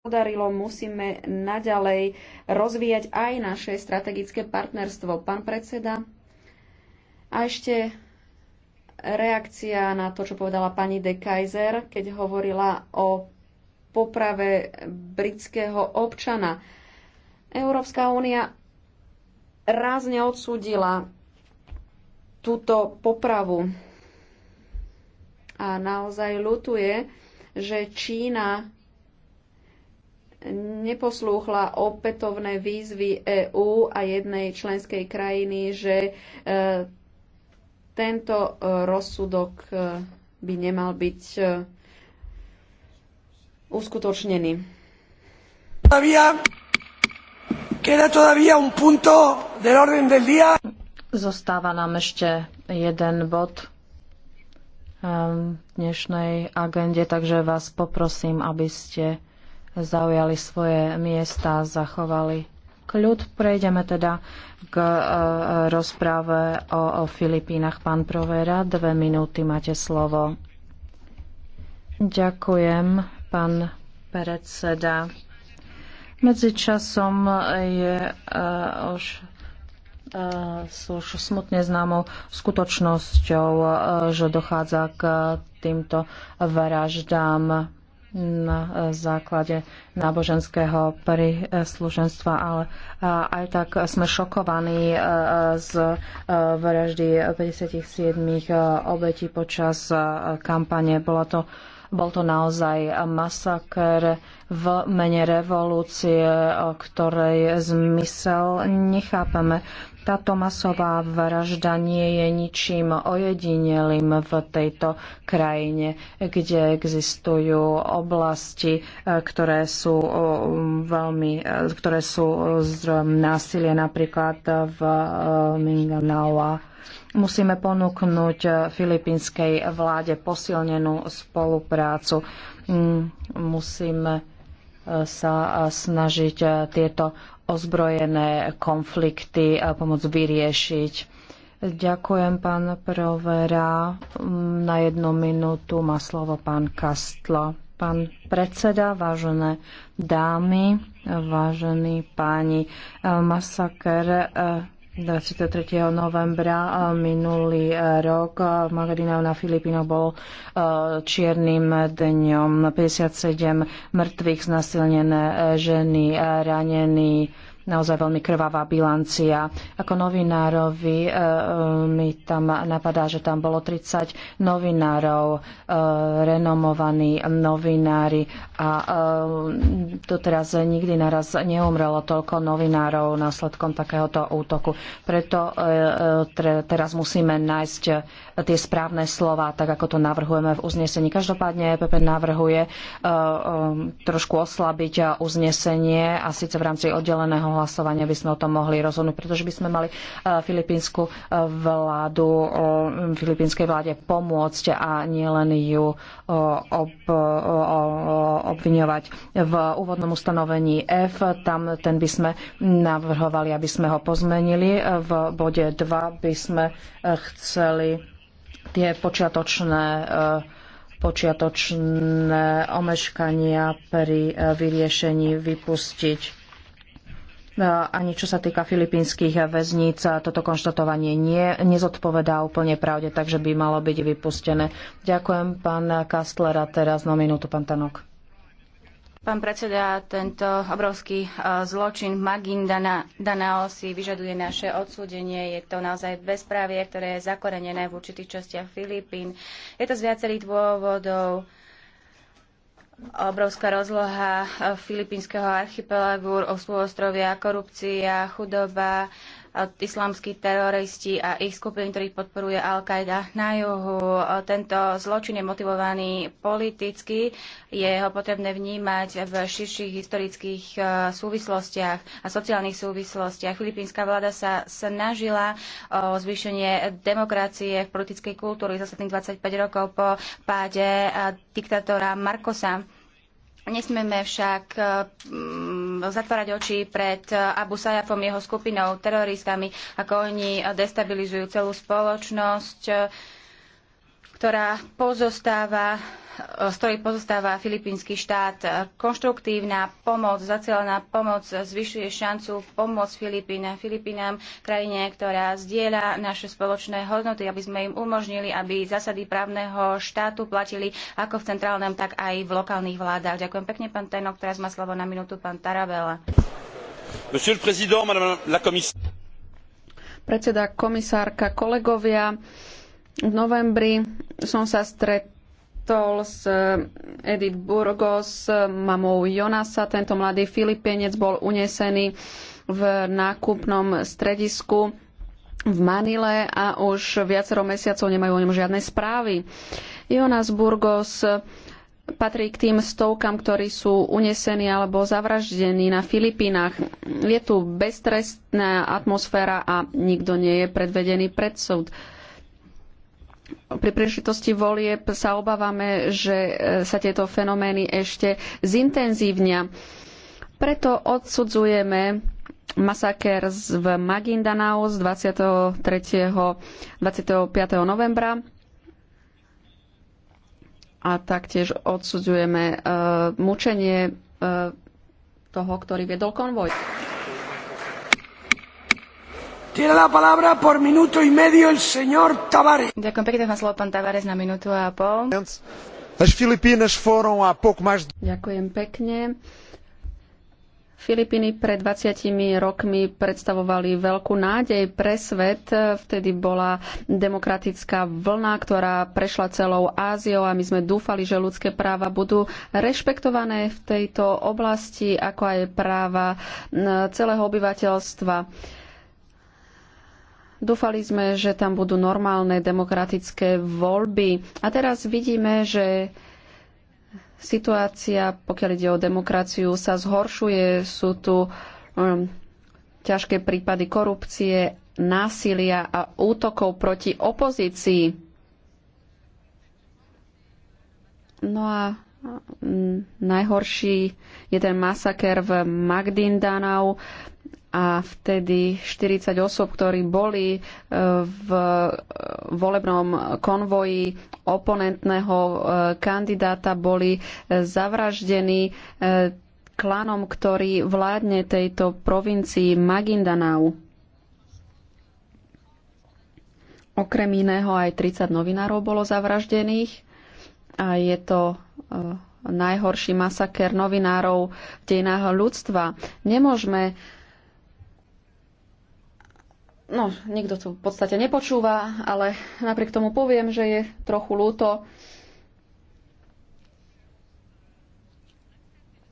podarilo, musíme naďalej rozvíjať aj naše strategické partnerstvo. Pán predseda, a ešte reakcia na to, čo povedala pani de Kaiser, keď hovorila o poprave britského občana. Európska únia rázne odsúdila túto popravu a naozaj ľutuje, že Čína neposlúchla opätovné výzvy EÚ a jednej členskej krajiny, že e, tento e, rozsudok e, by nemal byť uskutočnený. Zostáva nám ešte jeden bod ehm, v dnešnej agende, takže vás poprosím, aby ste zaujali svoje miesta, zachovali kľud. Prejdeme teda k e, rozprave o, o Filipínach. Pán Provera, dve minúty máte slovo. Ďakujem, pán predseda. Medzičasom je uh, už e, sú už smutne známou skutočnosťou, že dochádza k týmto vraždám na základe náboženského príslušenstva, ale aj tak sme šokovaní e, e, z e, vraždy 57 obetí počas kampane. Bolo to bol to naozaj masaker v mene revolúcie, o ktorej zmysel nechápame. Táto masová vražda nie je ničím ojedinelým v tejto krajine, kde existujú oblasti, e, ktoré sú, e, veľmi, e, ktoré sú zdrojom násilie, napríklad v Mindanao. Musíme ponúknuť filipínskej vláde posilnenú spoluprácu. Mm, musíme sa snažiť tieto ozbrojené konflikty a pomoc vyriešiť. Ďakujem, pán Provera. Na jednu minútu má slovo pán kastlo. Pán predseda, vážené dámy, vážení páni, masaker eh, 23. novembra minulý e, rok v Magadinau na Filipínoch bol e, čiernym dňom 57 mŕtvych, znasilnené e, ženy, ranení naozaj veľmi krvavá bilancia. Ako novinárovi e, e, mi tam napadá, že tam bolo 30 novinárov, e, renomovaní novinári a doteraz nikdy naraz neumrelo toľko novinárov následkom takéhoto útoku. Preto teraz musíme nájsť tie správne slova, tak ako to navrhujeme v uznesení. Každopádne EPP navrhuje trošku oslabiť uznesenie a síce v rámci oddeleného hlasovanie by sme o tom mohli rozhodnúť, pretože by sme mali e, filipínsku e, vládu, filipínskej vláde pomôcť a nielen ju e, ob, obviňovať. V úvodnom ustanovení F, tam ten by sme navrhovali, aby sme ho pozmenili. V bode 2 by sme chceli tie počiatočné počiatočné omeškania pri vyriešení vypustiť ani čo sa týka filipínskych väzníc, toto konštatovanie nie, nezodpovedá úplne pravde, takže by malo byť vypustené. Ďakujem, pán Kastler, a teraz na minútu, pán Tanok. Pán predseda, tento obrovský e, zločin Magin Dana, Danao si vyžaduje naše odsúdenie. Je to naozaj bezprávie, ktoré je zakorenené v určitých častiach Filipín. Je to z viacerých dôvodov obrovská rozloha e, filipínskeho archipelagu, spôostrovia, korupcia, chudoba, islamskí teroristi a ich skupiny, ktorých podporuje Al-Qaida na juhu. Tento zločin je motivovaný politicky, je ho potrebné vnímať v širších historických e, súvislostiach a sociálnych súvislostiach. Filipínska vláda sa snažila o zvýšenie demokracie v politickej kultúry za 25 rokov po páde e, diktátora Markosa Nesmieme však eh, zatvárať oči pred eh, Abu Sayafom, jeho skupinou, teroristami, ako oni destabilizujú celú spoločnosť ktorá pozostáva, z ktorej pozostáva filipínsky štát. Konštruktívna pomoc, zacielená pomoc zvyšuje šancu pomôcť Filipína, Filipínam, krajine, ktorá zdieľa naše spoločné hodnoty, aby sme im umožnili, aby zásady právneho štátu platili ako v centrálnom, tak aj v lokálnych vládach. Ďakujem pekne, pán Tenok. Teraz má slovo na minútu pán Tarabela. Monsieur le Président, Madame la Commissaire. Predseda, komisárka, kolegovia, v novembri som sa stretol s eh, Edith Burgos, mamou Jonasa. Tento mladý Filipienec bol unesený v nákupnom stredisku v Manile a už viacero mesiacov nemajú o ňom žiadne správy. Jonas Burgos patrí k tým stovkám, ktorí sú unesení alebo zavraždení na Filipínach. Je tu beztrestná atmosféra a nikto nie je predvedený pred súd pri príležitosti volieb sa obávame, že e, sa tieto fenomény ešte zintenzívnia. Preto odsudzujeme masaker v Magindanao z 23. 25. novembra a taktiež odsudzujeme uh, mučenie uh, toho, ktorý viedol konvoj. Ďakujem pekne, na slovo pán Tavares na minútu a pol. Ďakujem pekne. Filipíny pred 20 rokmi predstavovali veľkú nádej pre svet. Vtedy bola demokratická vlna, ktorá prešla celou Áziou a my sme dúfali, že ľudské práva budú rešpektované v tejto oblasti, ako aj práva celého obyvateľstva Dúfali sme, že tam budú normálne demokratické voľby. A teraz vidíme, že situácia, pokiaľ ide o demokraciu, sa zhoršuje. Sú tu um, ťažké prípady korupcie, násilia a útokov proti opozícii. No a mm, najhorší je ten masaker v Magdindanau a vtedy 40 osôb, ktorí boli e, v e, volebnom konvoji oponentného e, kandidáta, boli zavraždení klanom, ktorý vládne tejto provincii Magindanau. Okrem iného aj 30 novinárov bolo zavraždených a je to najhorší masaker novinárov v dejinách ľudstva. Nemôžeme uh, No, nikto to v podstate nepočúva, ale napriek tomu poviem, že je trochu ľúto,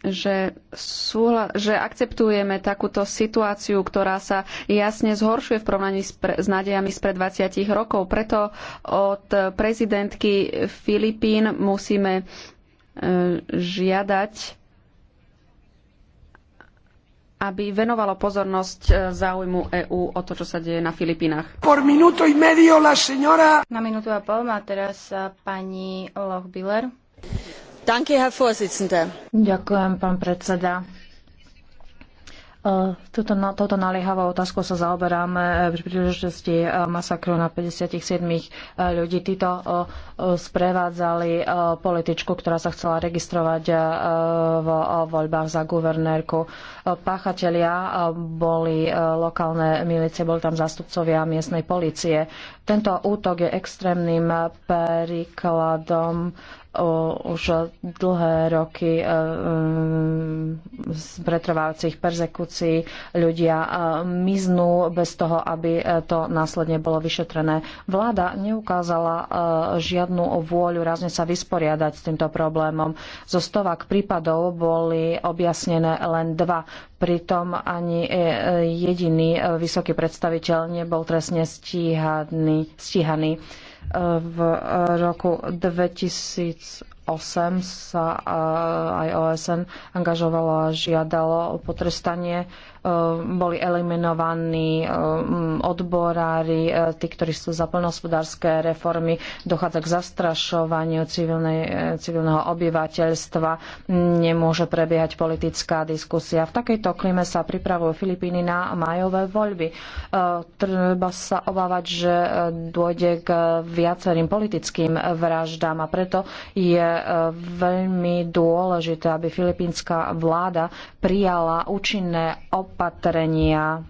že, súhla, že akceptujeme takúto situáciu, ktorá sa jasne zhoršuje v porovnaní s, pre, s nádejami spred 20 rokov. Preto od prezidentky Filipín musíme e, žiadať aby venovalo pozornosť e, záujmu EÚ o to, čo sa deje na Filipínach. Por minuto y medio la señora... Na minútu a pol má teraz e, pani Lochbiller. Danke, Herr Ďakujem, pán predseda. E, tuto, toto naliehavou otázku sa zaoberáme e, pri príležitosti e, masakru na 57 ľudí. Títo sprevádzali političku, ktorá sa chcela registrovať v voľbách za guvernérku. Páchatelia boli lokálne milície, boli tam zástupcovia miestnej policie. Tento útok je extrémnym príkladom už dlhé roky e, mm, z pretrvávacích persekúcií. Ľudia e, miznú bez toho, aby e, to následne bolo vyšetrené. Vláda neukázala žiadnu vôľu rázne sa vysporiadať s týmto problémom. Zo stovák prípadov boli objasnené len dva. Pritom ani e, jediný e, vysoký predstaviteľ nebol trestne stíhaný. stíhaný. E, v roku 2008 sa aj OSN angažovalo a žiadalo o potrestanie Eh, boli eliminovaní eh, odborári, eh, tí, ktorí sú za plnohospodárske reformy, dochádza k zastrašovaniu civilnej, civilného obyvateľstva, nemôže prebiehať politická diskusia. V takejto klime sa pripravujú Filipíny na majové voľby. Treba sa obávať, že dôjde k viacerým politickým vraždám a preto je veľmi dôležité, aby filipínska vláda prijala účinné op- opatrenia.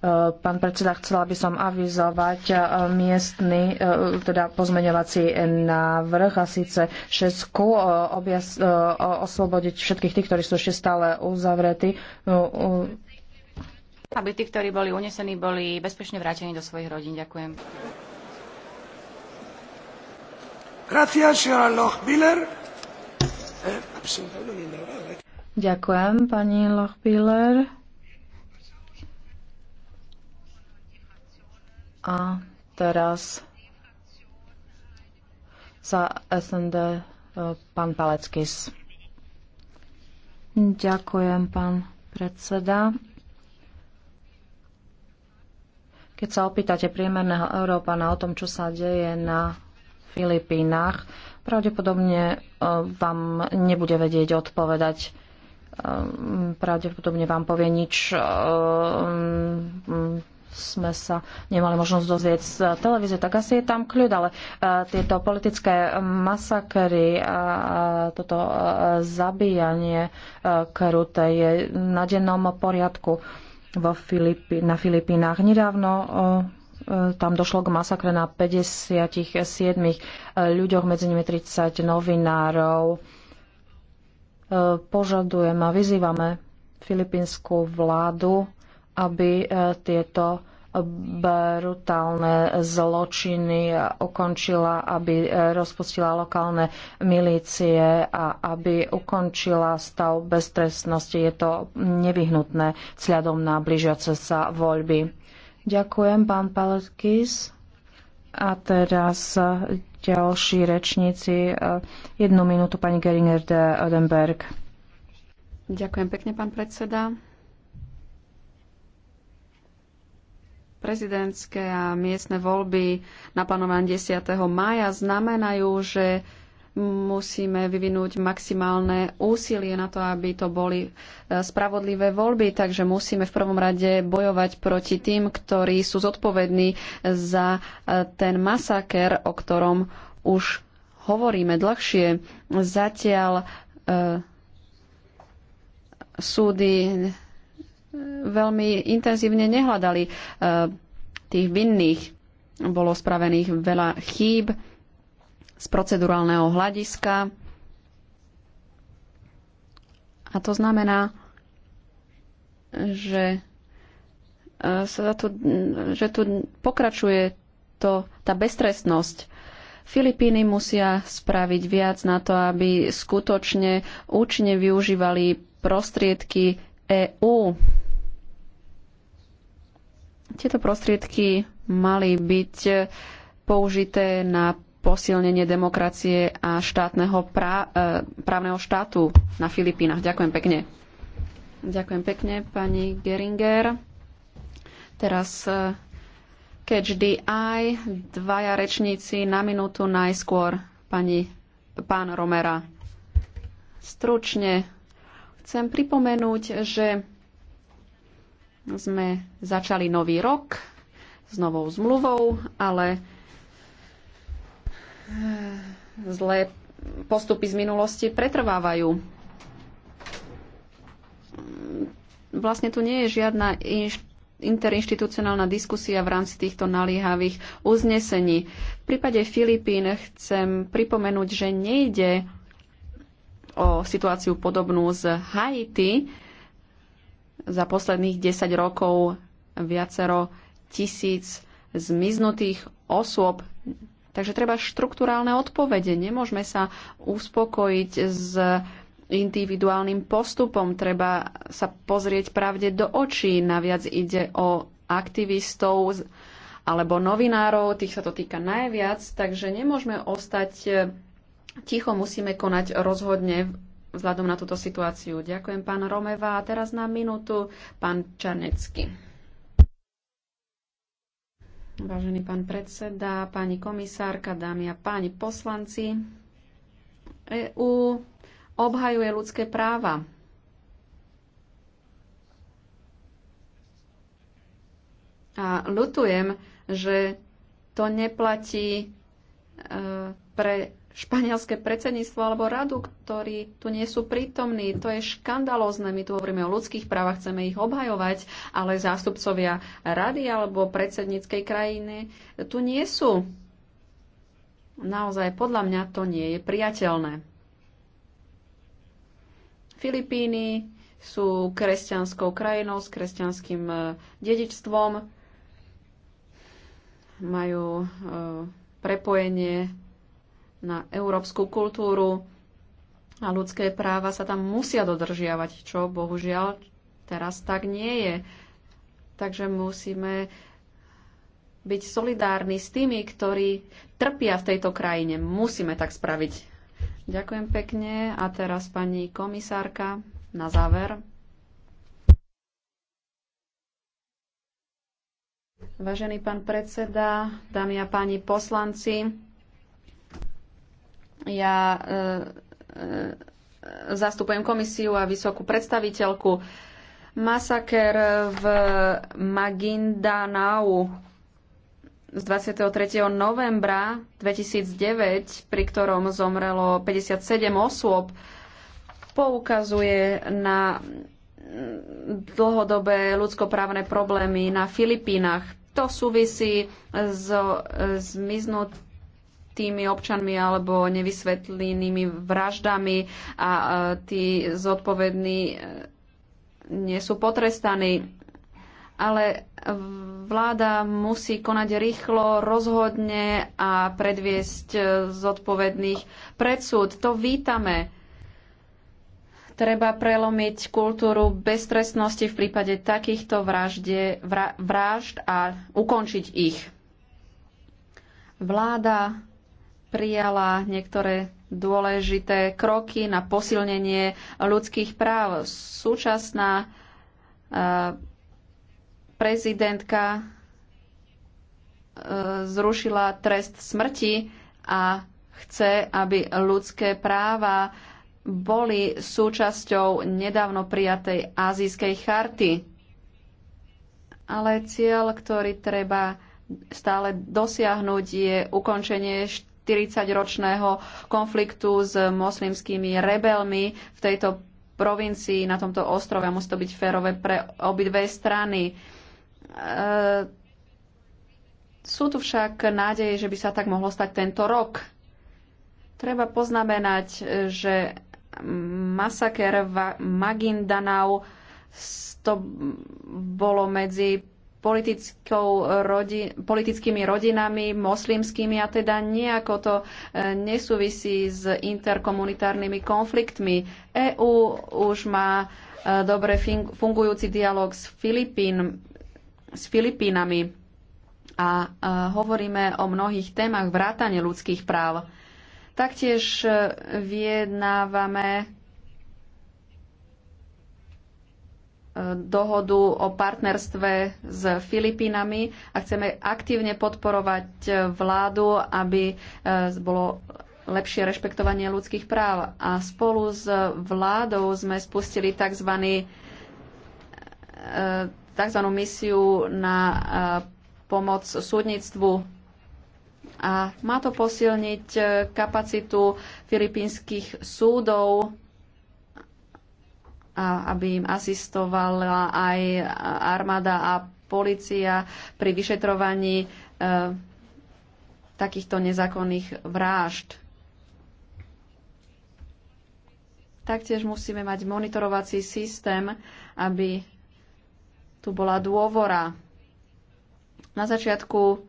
E, pán predseda, chcela by som avizovať e, miestny, e, teda pozmeňovací návrh a síce šesku objas, oslobodiť všetkých tých, ktorí sú ešte stále uzavretí. Aby tí, ktorí boli unesení, boli bezpečne vrátení do svojich rodín. Ďakujem. Eh, no, no, no, Ďakujem, pani Lochbiller. A teraz za SND e, pán Paleckis. Ďakujem, pán predseda. Keď sa opýtate priemerného Európana o tom, čo sa deje na Filipínach, pravdepodobne e, vám nebude vedieť odpovedať. E, pravdepodobne vám povie nič sme sa nemali možnosť dozvieť z eh, televízie, tak asi je tam kľud, ale eh, tieto politické masakry a toto eh, zabíjanie kruté je na dennom poriadku vo Filipi- na Filipínach. Nedávno tam došlo k masakre na 57 ľuďoch, medzi nimi 30 novinárov. Požadujeme a vyzývame filipínsku vládu, aby e, tieto brutálne zločiny ukončila, aby e, rozpustila lokálne milície a aby ukončila stav beztrestnosti. Je to nevyhnutné vzhľadom na blížiace sa voľby. Ďakujem, pán Paletkis. A teraz ďalší rečníci. Jednu minútu pani Geringer de Odenberg. Ďakujem pekne, pán predseda. prezidentské a miestne voľby naplánované 10. mája znamenajú, že musíme vyvinúť maximálne úsilie na to, aby to boli e, spravodlivé voľby, takže musíme v prvom rade bojovať proti tým, ktorí sú zodpovední za e, ten masaker, o ktorom už hovoríme dlhšie. Zatiaľ e, súdy veľmi intenzívne nehľadali eh, tých vinných. Bolo spravených veľa chýb z procedurálneho hľadiska. A to znamená, že, eh, sa tu, že tu pokračuje to, tá beztrestnosť. Filipíny musia spraviť viac na to, aby skutočne účne využívali prostriedky EÚ tieto prostriedky mali byť použité na posilnenie demokracie a štátneho e, právneho štátu na Filipínach. Ďakujem pekne. Ďakujem pekne, pani Geringer. Teraz e, Catch the Eye, dvaja rečníci na minútu najskôr, pani, pán Romera. Stručne chcem pripomenúť, že sme začali nový rok s novou zmluvou, ale eh, zlé postupy z minulosti pretrvávajú. Vlastne tu nie je žiadna inš- interinstitucionálna diskusia v rámci týchto naliehavých uznesení. V prípade Filipín chcem pripomenúť, že nejde o situáciu podobnú z Haiti, za posledných 10 rokov viacero tisíc zmiznutých osôb. Takže treba štruktúrálne odpovede. Nemôžeme sa uspokojiť s individuálnym postupom. Treba sa pozrieť pravde do očí. Naviac ide o aktivistov alebo novinárov, tých sa to týka najviac, takže nemôžeme ostať e, ticho, musíme konať rozhodne vzhľadom na túto situáciu. Ďakujem, pán Romeva. A teraz na minútu pán Čarnecký. Vážený pán predseda, pani komisárka, dámy a páni poslanci, EU obhajuje ľudské práva. A ľutujem, že to neplatí e, pre španielské predsedníctvo alebo radu, ktorí tu nie sú prítomní. To je škandalózne. My tu hovoríme o ľudských právach, chceme ich obhajovať, ale zástupcovia rady alebo predsedníckej krajiny tu nie sú. Naozaj, podľa mňa to nie je priateľné. Filipíny sú kresťanskou krajinou s kresťanským e, dedičstvom, majú e, prepojenie na európsku kultúru a ľudské práva sa tam musia dodržiavať, čo bohužiaľ teraz tak nie je. Takže musíme byť solidárni s tými, ktorí trpia v tejto krajine. Musíme tak spraviť. Ďakujem pekne. A teraz pani komisárka na záver. Vážený pán predseda, dámy a páni poslanci, ja e, e, zastupujem komisiu a vysokú predstaviteľku. Masaker v Magindanau z 23. novembra 2009, pri ktorom zomrelo 57 osôb, poukazuje na dlhodobé ľudskoprávne problémy na Filipínach. To súvisí so e, zmiznutým tými občanmi alebo nevysvetlenými vraždami a tí zodpovední e, nie sú potrestaní. Ale vláda musí konať rýchlo, rozhodne a predviesť e, zodpovedných predsúd To vítame. Treba prelomiť kultúru beztrestnosti v prípade takýchto vražde, vražd a ukončiť ich vláda prijala niektoré dôležité kroky na posilnenie ľudských práv. Súčasná eh, prezidentka eh, zrušila trest smrti a chce, aby ľudské práva boli súčasťou nedávno prijatej azijskej charty. Ale cieľ, ktorý treba stále dosiahnuť, je ukončenie 40-ročného konfliktu s moslimskými rebelmi v tejto provincii, na tomto ostrove. Musí to byť férové pre obidve strany. E, sú tu však nádeje, že by sa tak mohlo stať tento rok. Treba poznamenať, že masaker v Magindanau to bolo medzi rodi, politickými rodinami, moslimskými a teda nejako to e, nesúvisí s interkomunitárnymi konfliktmi. EÚ už má e, dobre fungujúci dialog s, Filipín, s Filipínami a e, hovoríme o mnohých témach vrátane ľudských práv. Taktiež vyjednávame dohodu o partnerstve s Filipínami a chceme aktívne podporovať eh, vládu, aby eh, bolo lepšie rešpektovanie ľudských práv. A spolu s vládou sme spustili tzv. Eh, tzv. misiu na pomoc súdnictvu a má to posilniť kapacitu filipínskych súdov aby im asistovala aj armáda a policia pri vyšetrovaní e, takýchto nezákonných vrážd. Taktiež musíme mať monitorovací systém, aby tu bola dôvora. Na začiatku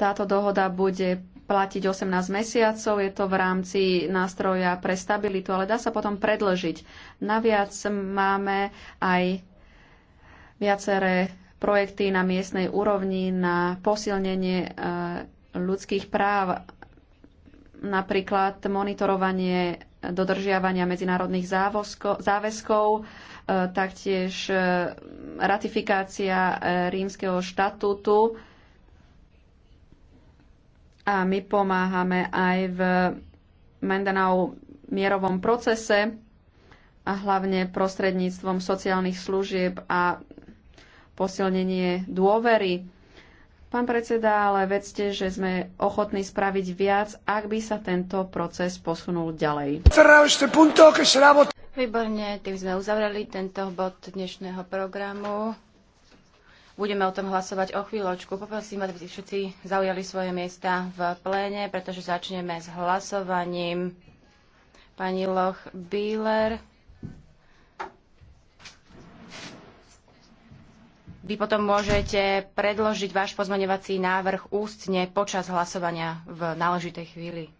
táto dohoda bude platiť 18 mesiacov, je to v rámci nástroja pre stabilitu, ale dá sa potom predlžiť. Naviac máme aj viaceré projekty na miestnej úrovni na posilnenie e, ľudských práv, napríklad monitorovanie dodržiavania medzinárodných záväzkov, e, taktiež e, ratifikácia rímskeho štatútu, a my pomáhame aj v Mendanau mierovom procese a hlavne prostredníctvom sociálnych služieb a posilnenie dôvery. Pán predseda, ale vedzte, že sme ochotní spraviť viac, ak by sa tento proces posunul ďalej. Výborne, tým sme uzavreli tento bod dnešného programu. Budeme o tom hlasovať o chvíľočku. Poprosím aby si všetci zaujali svoje miesta v pléne, pretože začneme s hlasovaním. Pani Loch Bíler. Vy potom môžete predložiť váš pozmaňovací návrh ústne počas hlasovania v náležitej chvíli.